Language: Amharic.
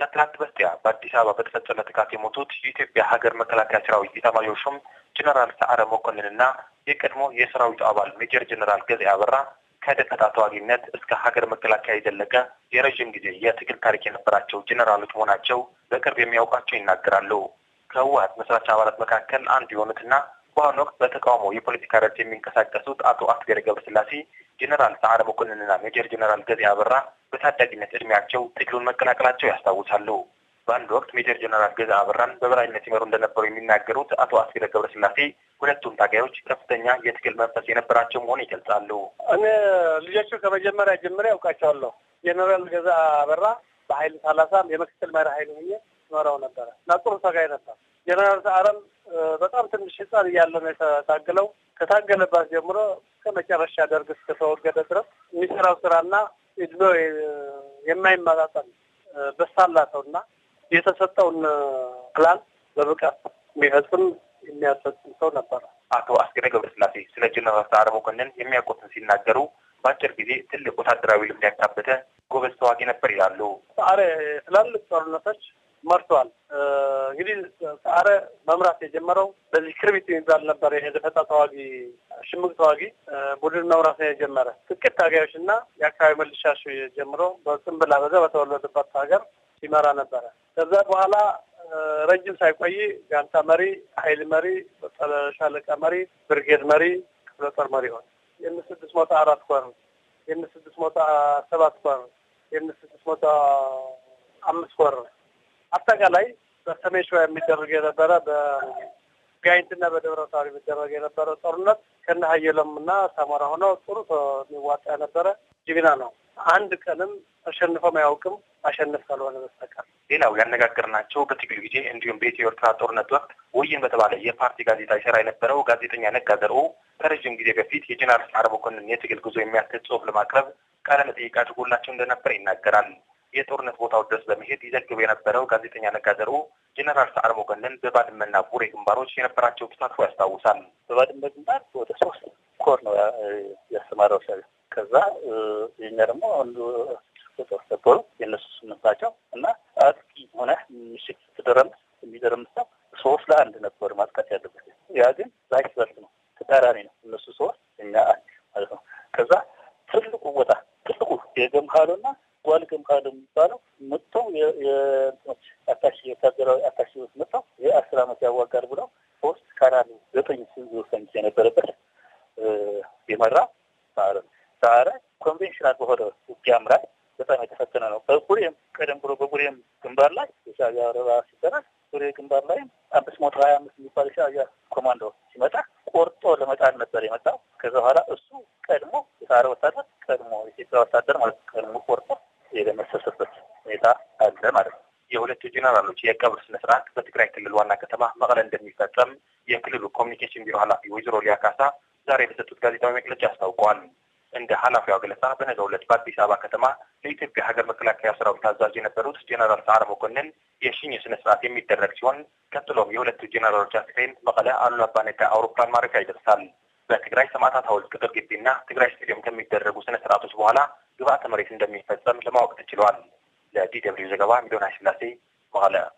ከትላንት በስቲያ በአዲስ አበባ በተፈጸመ ጥቃት የሞቱት የኢትዮጵያ ሀገር መከላከያ ሰራዊት ኢታማዦር ሹም ጀኔራል ሰዓረ መኮንንና የቀድሞ የሰራዊቱ አባል ሜጀር ጀነራል ገዜ አበራ ከደፈጣ ተዋጊነት እስከ ሀገር መከላከያ የዘለቀ የረዥም ጊዜ የትግል ታሪክ የነበራቸው ጀኔራሎች መሆናቸው በቅርብ የሚያውቃቸው ይናገራሉ። ከህወሀት መስራች አባላት መካከል አንዱ የሆኑትና በአሁኑ ወቅት በተቃውሞ የፖለቲካ ረድፍ የሚንቀሳቀሱት አቶ አስገር ገብረስላሴ፣ ጀነራል ሰዓረ መኮንንና ሜጀር ጀኔራል ገዜ አበራ በታዳጊነት እድሜያቸው ትግሉን መቀላቀላቸው ያስታውሳሉ። በአንድ ወቅት ሜጀር ጀነራል ገዛ አበራን በበላይነት ይመሩ እንደነበሩ የሚናገሩት አቶ አስገደ ገብረስላሴ ሁለቱም ታጋዮች ከፍተኛ የትግል መንፈስ የነበራቸው መሆን ይገልጻሉ። እኔ ልጆቹ ከመጀመሪያ ጀምሬ ያውቃቸዋለሁ። ጀነራል ገዛ አበራ በሀይል ሰላሳም የምክትል መሪ ሀይል ሆኜ ኖረው ነበረ እና ጥሩ ታጋይ ነበር። ጀነራል ሰዓረም በጣም ትንሽ ህጻን እያለ ነው የተታገለው። ከታገለባት ጀምሮ ከመጨረሻ ደርግ እስከተወገደ ድረስ የሚሰራው ስራና እድሜው የማይመጣጠን በሳላ ሰውና የተሰጠውን ፕላን በብቃት የሚፈጽም የሚያሰጥም ሰው ነበረ። አቶ አስገደ ገብረስላሴ ስለ ጀነራል ሰዓረ መኮንን የሚያውቁትን ሲናገሩ በአጭር ጊዜ ትልቅ ወታደራዊ ልምድ ያካበተ ጎበዝ ተዋጊ ነበር ይላሉ። ሰዓረ ትላልቅ ጦርነቶች መርቷል። እንግዲህ ሰዓረ መምራት የጀመረው በዚህ ክርቢት የሚባል ነበር። ይሄ ደፈጣ ተዋጊ ሽምቅ ተዋጊ ቡድን መምራት ነው የጀመረ። ጥቂት ታጋዮች እና የአካባቢ መልሻሽ ጀምሮ በጽንብላ በዛ በተወለዱበት ሀገር ሲመራ ነበረ። ከዛ በኋላ ረጅም ሳይቆይ ጋንታ መሪ፣ ሀይል መሪ፣ ሻለቃ መሪ፣ ብርጌድ መሪ፣ ክፍለ ጦር መሪ ሆነ። የምን ስድስት መቶ አራት ኮር የምን ስድስት መቶ ሰባት ኮር የምን ስድስት መቶ አምስት ኮር አጠቃላይ በሰሜን ሸዋ የሚደረግ የነበረ በጋይንትና በደብረ ታቦር የሚደረግ የነበረ ጦርነት ከነ ሀየለምና ሰመራ ሆነው ጥሩ የሚዋጣ የነበረ ጅግና ነው። አንድ ቀንም ተሸንፎም አያውቅም። አሸንፍ ካልሆነ በስተቀር ሌላው ያነጋገርናቸው በትግል ጊዜ እንዲሁም በኢትዮ ኤርትራ ጦርነት ወቅት ወይን በተባለ የፓርቲ ጋዜጣ ይሰራ የነበረው ጋዜጠኛ ነጋ ዘርኡ ከረዥም ጊዜ በፊት የጀነራል ሰዓረ መኮንን የትግል ጉዞ የሚያትት ጽሁፍ ለማቅረብ ቃለ መጠይቅ አድርጎላቸው እንደነበር ይናገራል። የጦርነት ቦታዎች ድረስ በመሄድ ይዘግብ የነበረው ጋዜጠኛ ነጋደሩ ጀኔራል ሰዓረ መኮንን በባድመና ቡሬ ግንባሮች የነበራቸው ተሳትፎ ያስታውሳል። በባድመ ግንባር ወደ ሶስት ኮር ነው ያስተማረው ሰ ከዛ የኛ ደግሞ አንዱ ጦር ነበሩ የነሱ ስምንታቸው እና አጥቂ ሆነ ምሽት ትደረምስ የሚደረምስ ሰው ሶስት ለአንድ ነበር ማጥቃት ያለበት። ያ ግን ራይት በርስ ነው ተቃራኒ ነው። እነሱ ሶስት እኛ አንድ ማለት ነው። ከዛ ትልቁ ቦታ ትልቁ የገምሃሉ የገምካሉና የሚባለው መጥተው የእንትኖች አታሺ ወታደራዊ አታሺዎች መጥተው የአስር አመት ያዋጋር ብለው ሶስት ካናል ዘጠኝ ሰንጅ የነበረበት የመራ ሳረ ሳረ ኮንቬንሽናል በሆነ ውጊያ ምራት በጣም የተፈተነ ነው። በጉሬም ቀደም ብሎ በጉሬም ግንባር ላይ የሻዕቢያ ወረራ ሲደረግ ጉሬ ግንባር ላይም አምስት መቶ ሀያ አምስት የሚባል የሻቢያ ኮማንዶ ሲመጣ ቆርጦ ለመጣል ነበር የመጣው። ከዛ በኋላ እሱ ቀድሞ የሳረ ወታደር ቀድሞ የኢትዮጵያ ወታደር ማለት ቀድሞ ቆርጦ ጀነራሎች የቀብር ስነ ስርዓት በትግራይ ክልል ዋና ከተማ መቀለ እንደሚፈጸም የክልሉ ኮሚኒኬሽን ቢሮ ኃላፊ ወይዘሮ ሊያ ካሳ ዛሬ በሰጡት ጋዜጣዊ መግለጫ አስታውቀዋል። እንደ ኃላፊዋ ገለጻ በነገው ዕለት በአዲስ አበባ ከተማ ለኢትዮጵያ ሀገር መከላከያ ሰራዊት አዛዥ የነበሩት ጀነራል ሰዓረ መኮንን የሽኝ ስነ ስርዓት የሚደረግ ሲሆን ቀጥሎም የሁለቱ ጄኔራሎች አስክሬን መቀለ አሉላ አባ ነጋ አውሮፕላን ማረፊያ ይደርሳል። በትግራይ ሰማዕታት ሐውልት ቅጥር ግቢና ትግራይ ስቴዲየም ከሚደረጉ ስነ ስርዓቶች በኋላ ግብአተ መሬት እንደሚፈጸም ለማወቅ ተችሏል። ለዲ ደብልዩ ዘገባ ሚሊዮን ኃይለስላሴ طالع